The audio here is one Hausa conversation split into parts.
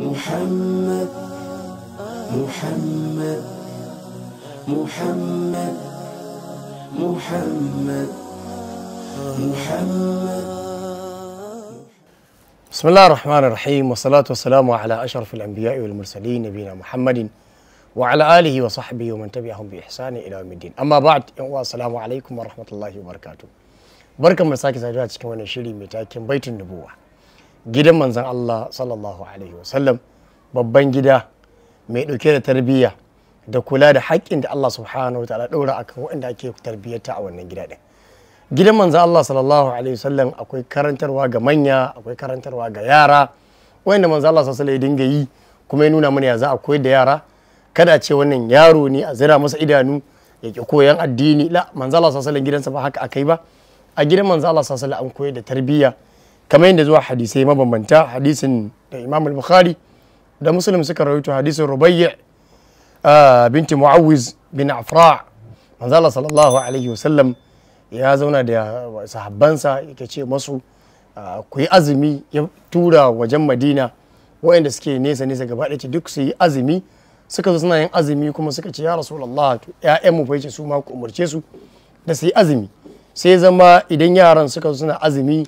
محمد محمد محمد محمد محمد بسم الله الرحمن الرحيم والصلاة والسلام على أشرف الأنبياء والمرسلين نبينا محمد وعلى آله وصحبه ومن تبعهم بإحسان إلى يوم الدين أما بعد السلام عليكم ورحمة الله وبركاته بركة من سعيدات سعدوها تكون شيري بيت النبوة gidan manzan Allah sallallahu alaihi wasallam babban gida mai ɗauke da tarbiyya da kula da haƙƙin da Allah subhanahu wa ta'ala ɗora akan waɗanda ake tarbiyyata a wannan gida ɗin gidan manzan Allah sallallahu alaihi wasallam akwai karantarwa ga manya akwai karantarwa ga yara waɗanda manzan Allah sallallahu alaihi dinga yi kuma ya nuna mana ya za a koyar da yara kada ce wannan yaro ne a zira masa idanu ya ki koyan addini la manzan Allah sallallahu gidansa ba haka akai ba a gidan manzan Allah sallallahu an koyar da tarbiyya kamar yadda zuwa hadisai mabambanta hadisin da imam al-bukhari da muslim suka rawaito hadisin rubayya ah, binti mu'awiz bin afra manzala sallallahu alaihi wasallam ya zauna da sahabbansa yake ce masu ah, ku yi azumi ya tura wajen madina waɗanda suke nesa nesa gaba ɗaya duk su yi azumi suka zo suna yin azumi kuma suka ce ya rasulullah ya'yan mu fa su ma ku umarce su da su yi azumi sai zama idan yaran suka zo suna azumi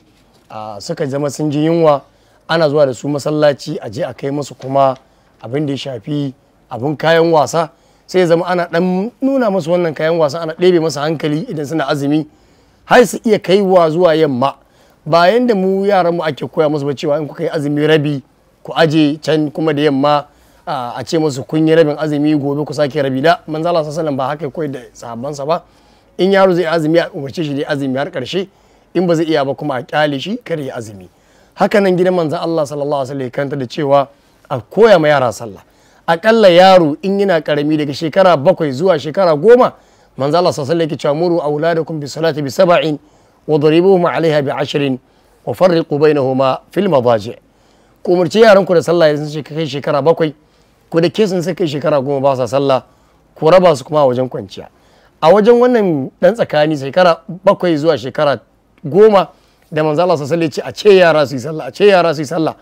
suka zama sun ji yunwa ana zuwa da su masallaci a je a kai musu kuma abin da ya shafi abin kayan wasa sai zama ana dan nuna musu wannan kayan wasa ana ɗebe masa hankali idan suna azumi har su iya kai wa zuwa yamma bayan da mu yaran mu ake koya musu ba cewa in kuka yi azumi rabi ku aje can kuma da yamma a ce musu kun yi rabin azumi gobe ku sake rabi da sallallahu alaihi wasallam ba haka koyar da sahabbansa ba in yaro zai azumi a umarce shi dai azumi har karshe in ba zai iya ba kuma a kyale shi kar ya azumi haka nan gidan manzon Allah sallallahu alaihi wasallam kanta da cewa a koya ma yara sallah akalla yaro in yana karami daga shekara bakwai zuwa shekara goma manzon Allah sallallahu alaihi wasallam yake cewa muru auladakum bi salati bi sab'in wa daribuhum alaiha bi ashrin wa farriqu bainahuma fil madaji ku umarci yaran ku da sallah yanzu kai shekara bakwai ku da ke sai kai shekara goma ba sa sallah ku raba su kuma a wajen kwanciya a wajen wannan dan tsakani shekara bakwai zuwa shekara goma da manzo Allah sallallahu alaihi a ce yara su yi sallah a ce yara su yi sallah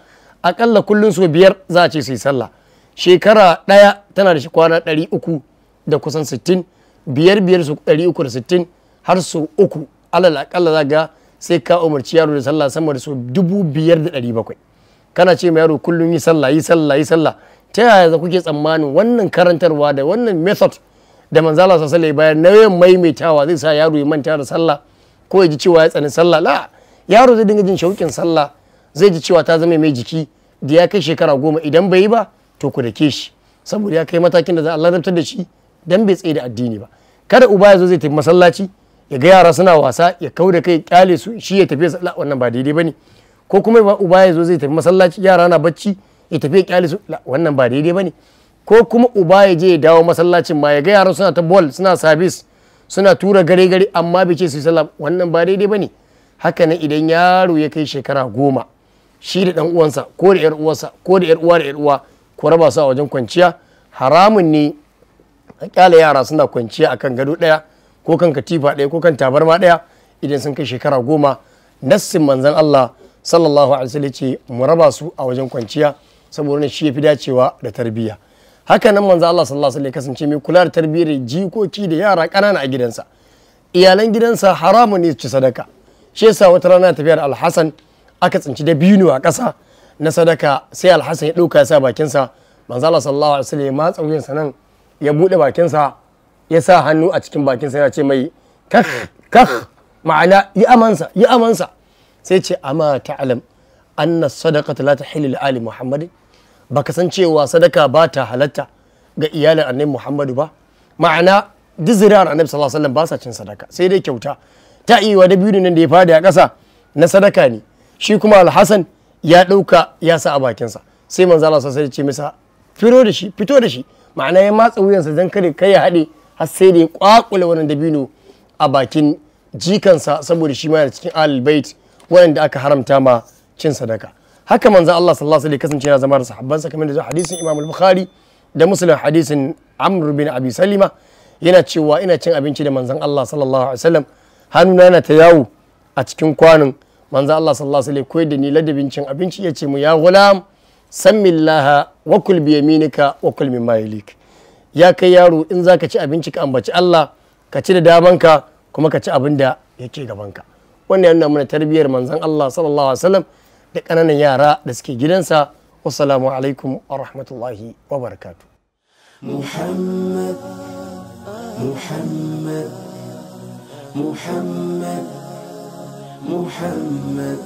akalla kullun su biyar za a ce su yi sallah shekara daya tana da shi kwana 300 da kusan 60 biyar biyar su 360 har su uku alal akalla za ga sai ka umarci yaro da sallah sama da su 5700 kana ce ma yaro kullun yi sallah yi sallah yi sallah ta yaya za kuke tsammanin wannan karantarwa da wannan method da manzala sallallahu alaihi bayan nauyin maimaitawa zai sa yaro ya manta da sallah ko ya ji cewa ya tsani sallah la yaro zai dinga jin shauƙin sallah zai ji cewa ta zama mai jiki da ya kai shekara goma idan bai yi ba to ku dake shi saboda ya kai matakin da za a ladabtar da shi dan bai tsaye da addini ba kada uba ya zo zai tafi masallaci ya ga yara suna wasa ya kau da kai kyale su shi ya tafi sallah wannan ba daidai bane ko kuma uba ya zo zai tafi masallaci yara na bacci ya tafi ya kyale su wannan ba daidai bane ko kuma uba ya je ya dawo masallacin ma ya ga yara suna ta ball suna service suna tura gare gare amma bai ce su sallah wannan ba daidai bane haka nan idan yaro ya kai shekara goma shi da ɗan uwansa ko da yar uwarsa ko da yar uwa da yar uwa ko raba su a wajen kwanciya haramun ne a kyale yara suna kwanciya akan gado ɗaya, ko kan katifa ɗaya, ko kan tabarma ɗaya, idan sun kai shekara goma nassin manzon Allah sallallahu alaihi wasallam ce mu raba su a wajen kwanciya saboda shi ya fi dacewa da tarbiyya haka nan manzo Allah sallallahu alaihi kasance mai kula da tarbiyyar jikoki da yara kanana a gidansa iyalan gidansa haramun ne ci sadaka shi yasa wata rana tafiyar alhassan aka tsinci da binu a ƙasa na sadaka sai alhasan ya ɗauka ya sa bakinsa manzo Allah sallallahu alaihi wasallam ma nan ya buɗe bakinsa ya sa hannu a cikin bakinsa ya ce mai kakh kakh ma'ana yi amansa yi amansa sai ce amma ta'lam anna sadaqata la tahillu li ali muhammadin baka san cewa sadaka ba ta halatta ga iyalin annabi muhammadu ba ma'ana duk zuriyar annabi sallallahu alaihi wasallam ba sa cin sadaka sai dai kyauta ta iya da biyu nan da ya fada a ƙasa na sadaka ne shi kuma alhassan ya ɗauka ya sa a bakinsa sai manzo Allah sai ce masa fito da shi fito da shi ma'ana ya matsa wuyansa dan kare kai ya hade, har sai da ya kwakula wannan dabino a bakin jikansa saboda shi ma yana cikin albayt wanda aka haramta ma cin sadaka haka manzo Allah sallallahu alaihi wasallam kasance yana zama da sahabbansa kamar da hadisin Imam Bukhari da Muslim hadisin Amr bin Abi Salima yana cewa ina cin abinci da manzon Allah sallallahu alaihi wasallam hannuna yana ta yawo a cikin kwanin manzo Allah sallallahu alaihi wasallam koyar da ni ladabin cin abinci ya ce mu ya gulam sammillaha wa kul bi yaminika wa kul mimma yalik ya kai yaro in zaka ci abinci ka ambaci Allah ka ci da damanka kuma ka ci abin da yake gabanka wannan yana nuna mana tarbiyyar manzon Allah sallallahu alaihi wasallam da ƙananan yara da suke gidansa wassalamu alaikum wa rahmatullahi wa barakatu muhammad muhammad muhammad muhammad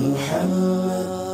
muhammad